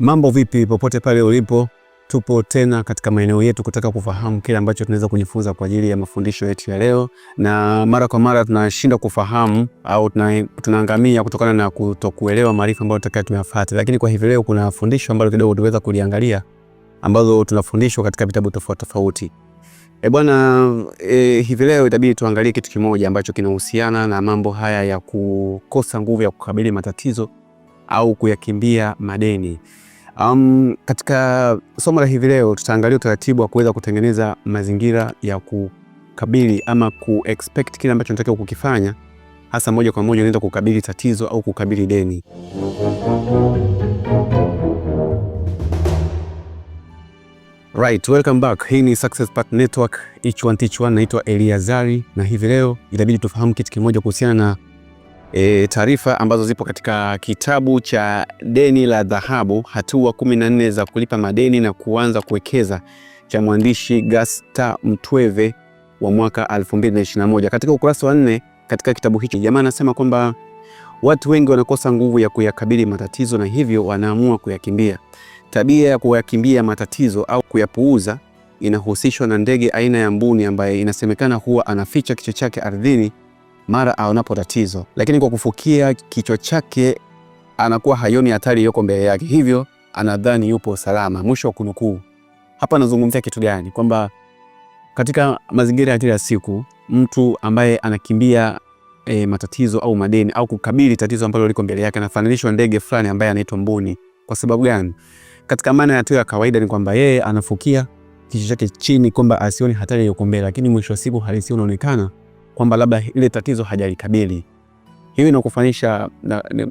Mambo vipi, popote pale ulipo, tupo tena katika maeneo yetu kutaka kufahamu kile ambacho tunaweza kujifunza kwa ajili ya mafundisho yetu ya leo, na mara kwa mara tunashindwa kufahamu au tunaangamia kutokana na kutokuelewa maarifa ambayo tutakayo tumeyafuata. Lakini kwa hivi leo kuna fundisho ambalo kidogo tuweza kuliangalia ambazo tunafundishwa katika vitabu tofauti tofauti. E bwana, e, hivi leo itabidi tuangalie kitu kimoja ambacho kinahusiana na mambo haya ya kukosa nguvu ya kukabili matatizo au kuyakimbia madeni. Um, katika somo la hivi leo tutaangalia utaratibu wa kuweza kutengeneza mazingira ya kukabili ama kuexpect kile ambacho unatakiwa kukifanya, hasa moja kwa moja unaenda kukabili tatizo au kukabili deni. Right, welcome back. Hii ni Success Path Network, each one teach one. Naitwa Eliazari na hivi leo itabidi tufahamu kitu kimoja kuhusiana na e, taarifa ambazo zipo katika kitabu cha Deni la Dhahabu, hatua 14 za kulipa madeni na kuanza kuwekeza cha mwandishi Gasta Mtweve wa mwaka 2021. Katika ukurasa wa nne katika kitabu hicho, jamaa anasema kwamba watu wengi wanakosa nguvu ya kuyakabili matatizo na hivyo wanaamua kuyakimbia. Tabia ya kuyakimbia matatizo au kuyapuuza inahusishwa na ndege aina ya mbuni ambaye inasemekana huwa anaficha kichwa chake ardhini mara aonapo tatizo, lakini kwa kufukia kichwa chake anakuwa hayoni hatari iliyoko mbele yake, hivyo anadhani yupo salama. Mwisho wa kunukuu. Hapa anazungumzia kitu gani? Kwamba katika mazingira ya kila siku mtu ambaye anakimbia e, matatizo au madeni au kukabili tatizo ambalo liko mbele yake anafananishwa ndege fulani ambaye anaitwa mbuni. Kwa sababu gani? Katika maana ya tu ya kawaida ni kwamba yeye anafukia kichwa chake chini kwamba asione hatari iliyoko mbele, lakini mwisho wa siku halisi unaonekana kwamba labda ile tatizo hajalikabili. Hiyo inakufanisha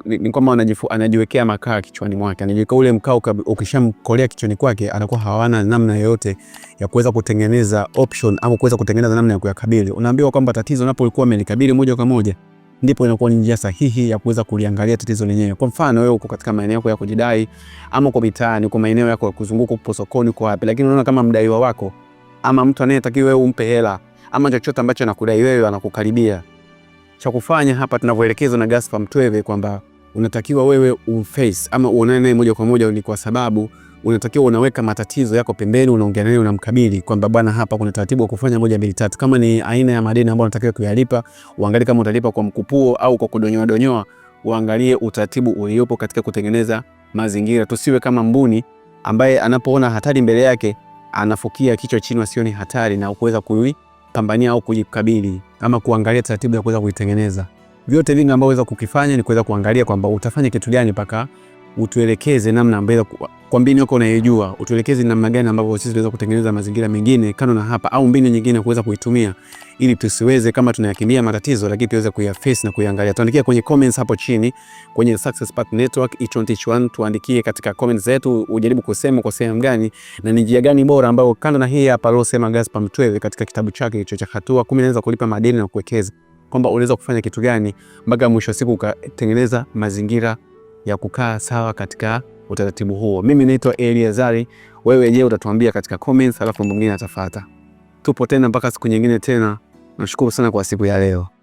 ni kwamba anajiwekea makaa kichwani mwake, anajiweka ule mkaa. Ukishamkolea kichwani kwake, anakuwa hawana namna yoyote ya kuweza kutengeneza option au kuweza kutengeneza namna ya kuyakabili. Unaambiwa kwamba tatizo unapokuwa umelikabili moja kwa moja, ndipo inakuwa ni njia sahihi ya kuweza kuliangalia tatizo lenyewe. Kwa mfano, wewe uko katika maeneo yako ya kujidai, ama kwa mitaani, kwa maeneo yako ya kuzunguka, upo sokoni, kwa wapi, lakini unaona kama mdaiwa wako ama mtu anayetakiwa wewe umpe hela ama chochote ambacho anakudai wewe, anakukaribia cha kufanya hapa tunavyoelekezwa na Gaspar Mtweve kwamba unatakiwa wewe umface ama uonane naye moja kwa moja, ni kwa sababu unatakiwa unaweka matatizo yako pembeni, unaongea naye, unamkabili kwamba bwana, hapa kuna taratibu wa kufanya moja mbili tatu. Kama ni aina ya madeni ambayo unatakiwa kuyalipa, uangalie kama utalipa kwa mkupuo au kwa kudonyoa donyoa, uangalie utaratibu uliopo katika kutengeneza mazingira. Tusiwe kama mbuni ambaye anapoona hatari mbele yake anafukia kichwa chini, asione hatari na kuweza kui kujipambania au kujikabili ama kuangalia taratibu ya kuweza kuitengeneza. Vyote vingi ambavyo unaweza kukifanya ni kuweza kuangalia kwamba utafanya kitu gani mpaka utuelekeze namna ambayo kwa mbinu yako unaijua, utuelekeze namna gani ambavyo sisi tunaweza kutengeneza mazingira mengine kando na hapa, au mbinu nyingine kuweza kuitumia ili tusiweze kama tunayakimbia matatizo, lakini tuweze kuyaface na kuyaangalia. Tuandikie kwenye comments hapo chini kwenye Success Path Network H1 H1, tuandikie katika comments zetu, ujaribu kusema kwa sehemu gani na ni njia gani bora ambayo kando na hii hapa aliyosema Gaspar Mtweve katika kitabu chake hicho cha Hatua Kumi Naweza Kulipa Madeni na Kuwekeza, kwamba unaweza kufanya kitu gani mpaka mwisho wa siku ukatengeneza mazingira ya kukaa sawa katika utaratibu huo. Mimi naitwa Eliazari, wewe je, utatuambia katika comments, alafu mwingine atafuata. Tupo tena mpaka siku nyingine tena. Nashukuru sana kwa siku ya leo.